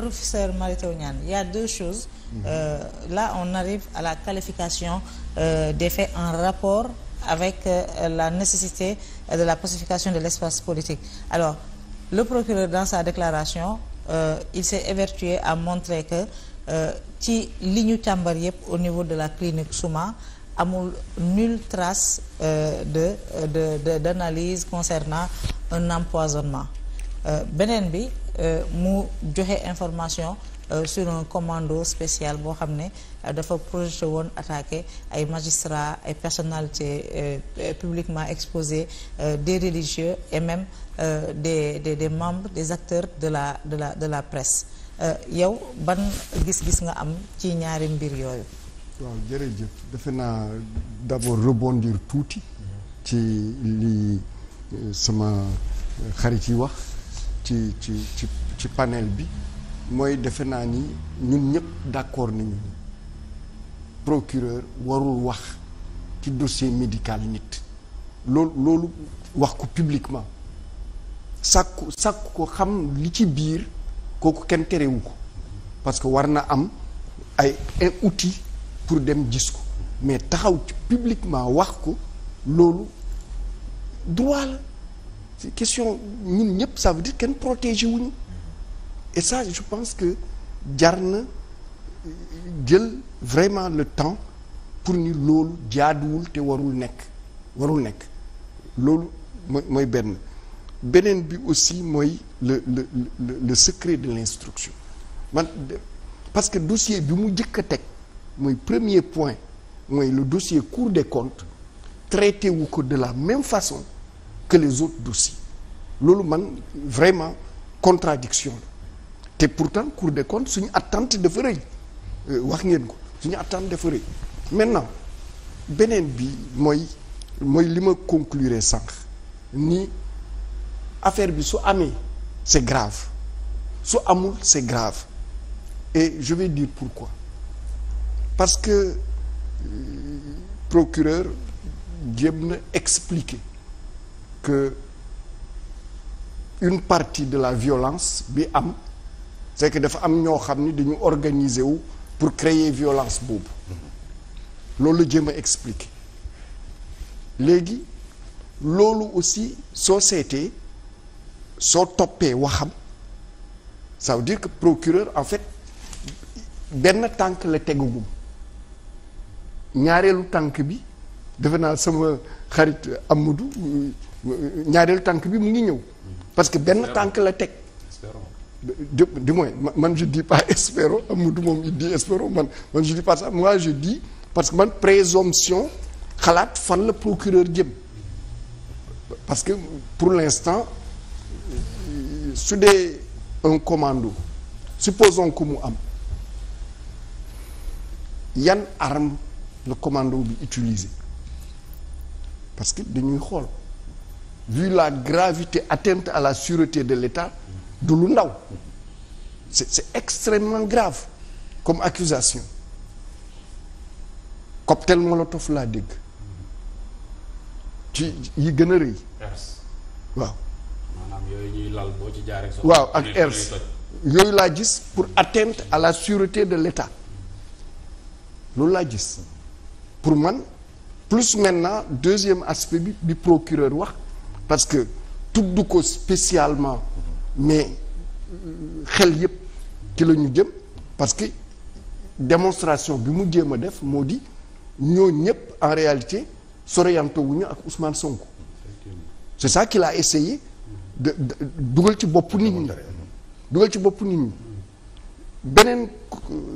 professeur Mary Teuw Niane a deux choses mhm. euh, là on arrive à la qualification euh, des faits en rapport avec euh, la nécessité de la pacification de l'espace politique alors le procureur dans sa déclaration euh, il s'est évertué à montrer que euh, ci li ñu càmbar yëpp au niveau de la clinique Souma amul nulle trace de de d'analyse concernant un empoisonnement beneen bi Euh, mu joxe information euh, sur un commando spécial boo xam ne euh, dafa projeté woon attaqué ay magistrats ay personnalités publiquement exposé des religieux et même des des des membres des acteurs de la de la de la presse yow ban gis-gis nga am ci ñaari mbir yooyu. waaw jërëjëf defe naa d'abord rebondir tuuti ci li sama xarit yi wax. ci ci ci ci panel bi mooy defe naa ni ñun ñëpp d'accord nañu ni procureur warul wax ci dossier médical nit loolu loolu wax ko publiquement sàkku sàkku ko xam li ci biir kooku kenn terewu ko parce que war na am ay un outil pour dem gis ko mais taxaw ci publiquement wax ko loolu droit la c'est question ñun ñëpp ça veut dire kenn protéger wuñu et ça je pense que jar na jël vraiment le temps pour ni loolu jaaduwul te warul nekk warul nekk loolu mooy benn beneen bi aussi mooy le le le le secret de l'instruction man parce que dossier bi mu njëkk a teg mooy premier point mooy le dossier Cour de comptes traité wu ko de la même façon que les autres dossiers loolu man vraiment contradiction la te pourtant Cour des comptes suñu attente dafa rëy euh, wax ngeen ko suñu attente dafa rëy maintenant beneen bi mooy mooy li ma conclure sànq ni affaire bi su amee c'est grave su amul c'est grave et je vais dire pourquoi parce que euh, procureur jéem na expliquer que une partie de la violence bi am c'est que dafa am ñoo xam ni dañu organiser wu pour créer violence boobu loolu la jéem a expliquer léegi loolu aussi soo seetee soo toppee waxam ça veut dire que procureur en fait benn tànk la tegagum ñaareelu tànk bi defe naa sama xarit Amadou ñaareel tànk bi mu ngi ñëw parce que benn tànk la teg du, du moins man je dis pas espérons Amadou moom il dit espérons man man je dis pas ça moi je dis parce que man présomption xalaat fan la procureur jëm parce que pour l'instant su dee un commando supposons que mu am yan arme le commando bi utiliser parce que dañuy xool vu la gravité atteinte à la sûreté de l'État du lu ndaw c'est c'est extrêmement grave comme accusation cocktail molotov laa dégg ci yi gën a rëy waaw yooyu ñuy ci jaaree waaw ak ers yooyu laa gis pour atteinte à la sureté de l'État loolu laa gis pour man plus maintenant deuxième aspect bi bi procureur wax parce que tudd ko spécialement mais xel yëpp ci la ñu jëm parce que démonstration bi mu jéem a def moo di ñoo ñëpp en réalité sorianto wuñu ak Ousmane Sonko c'est ça qu'il a essayé de dugal ci bopp nit ñi dugal ci bopp nit ñi beneen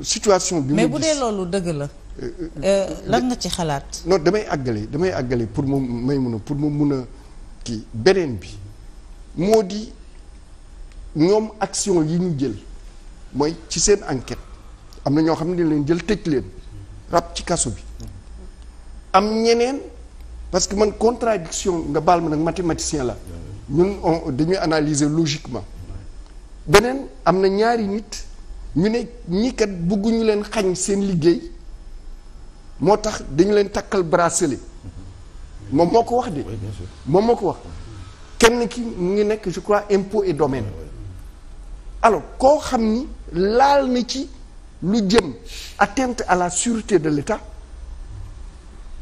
situation bi mais bu dee loolu dëgg la Euh, lan nga ci xalaat. non damay àggale damay àggale pour moom may mun a pour mu mun a kii beneen bi moo di ñoom action yi ñu jël mooy ci seen enquête am na ñoo xam ne dañ leen jël tëj leen rab ci kaso bi am ñeneen parce que man contradiction nga baal ma nag mathématicien la ñun on dañuy analyser logiquement beneen am na ñaari nit ñu ne ñiikat bëgguñu leen xañ seen liggéey. moo tax dañu leen takkal bracelet moom moo ko wax de moom moo ko wax kenn ki mu ngi nekk je crois impôt et domaine alors koo xam ni laal na ci lu jëm atteinte à la sûreté de l'État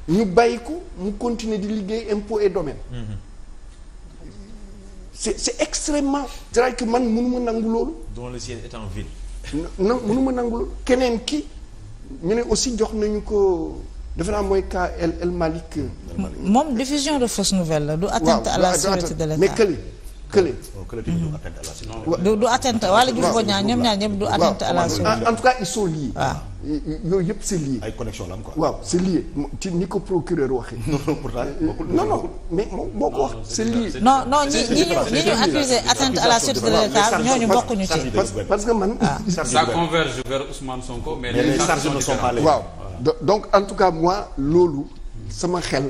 ñu bàyyi mu continuer di liggéey impôt et domaine mhm. c'est c'est extrêmement c'est man mënu ma nangu loolu dont nangu loolu keneen ki ñu ne aussi jox nañu ko defe naa mooy cas El El Malick. moom diffusion de fausses nouvelles la. du atteinte à la sûreté de l'État mais këli kële. Oh, du du atteinte wala Diouf Bodiang ñoom ñaar ñëpp du atteinte à la sûreté en tout cas ils sont liés. yooyu yëpp c'est lié. ay connexion la am quoi. waaw c'est lié ci ni ko procureur waxee. non non pourtant euh, non non mais moo ko wax c'est lié. non non ñi ñi ñu ñi ñu accusé atteinte à la sûreté de l'État ñooñu bokkuñu ci. parce que man. Ah. ça converge vers Ousmane Sonko mais les charges ne sont pas les waaw donc en tout cas moi loolu sama xel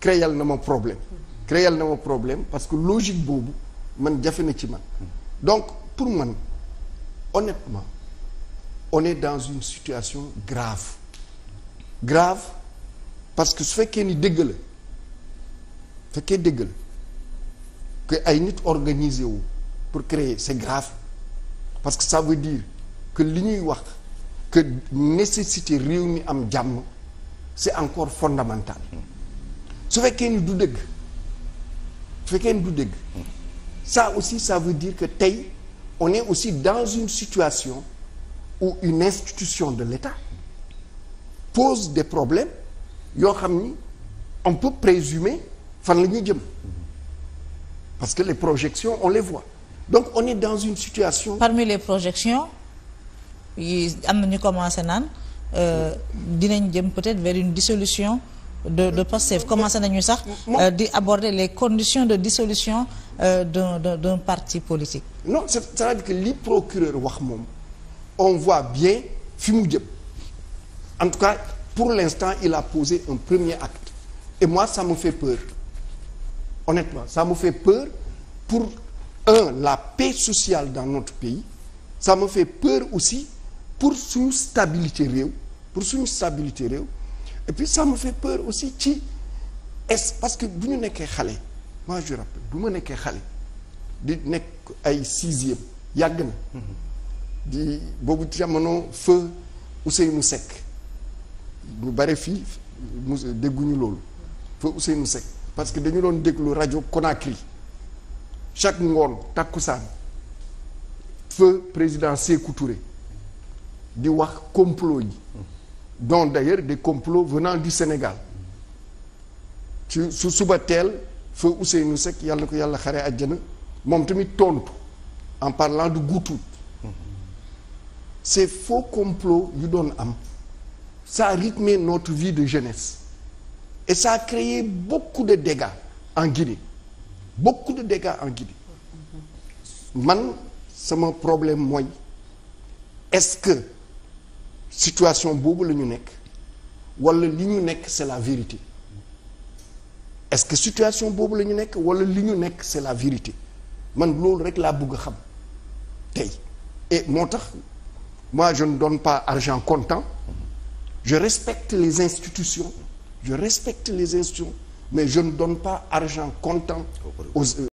créel na ma problème. créel na ma problème parce que logique boobu. man jafe na ci man donc pour man honnêtement on est dans une situation grave grave parce que su fekkee ni dëgg la fekkee dëgg la que ay nit organiser wu pour créer c'est grave parce que ça veut dire li ñuy wax que nécessité réew mi am jàmm c'est encore fondamental su fekkee ni du dëgg su fekkee ni du dëgg ça aussi ça veut dire que tey on est aussi dans une situation où une institution de l'État pose des problèmes yoo xam ni on peut présumer fan la ñuy jëm parce que les projections on les voit donc on est dans une situation. parmi les projections yi am na ñu commencé naan euh, dinañ jëm peut-être vers une dissolution de de Pastef commencé nañu sax euh, di aborder les conditions de dissolution. Euh, dans d'un parti politique. non c'est-à-dire que li procureur wax moom on voit bien fi mu jëp en tout cas pour l'instant il a posé un premier acte et moi ça me fait peur honnêtement ça me fait peur pour un la paix sociale dans notre pays ça me fait peur aussi pour suñu stabilité réew pour suñu stabilité réew et puis ça me fait peur aussi ci est parce que bu ñu nekkee xale. ma je rappelle bu ma nekkee xale di nekk ay sixième yàgg na di boobu jamono feu Ousseynou Seck ñu bare fii mu dégguñu loolu feu Ousseynou Seck parce que dañu doon déglu rajo Conakry chaque ngoon takkusaan feu président Sékou di wax complot yi dont d'ailleurs des complots venant du Sénégal ci su suba teel feu Ousseynou Seck yàlla ko yàlla xaree àjjana moom tamit tontu en parlant de Goutout ces faux complots yu doon am ça a notre vie de jeunesse et ça a créé beaucoup de dégâts en Guinée beaucoup de dégâts en Guinée man sama problème mooy est-ce que situation boobu la ñu nekk walla li ñu nekk c'est la vérité est-ce que situation boobu la ñu nekk wala li ñu nekk c'est la vérité man loolu rek laa bëgg a xam tey et moo tax moi je ne donne pas argent comptant je respecte les institutions je respecte les institutions mais je ne donne pas argent comptant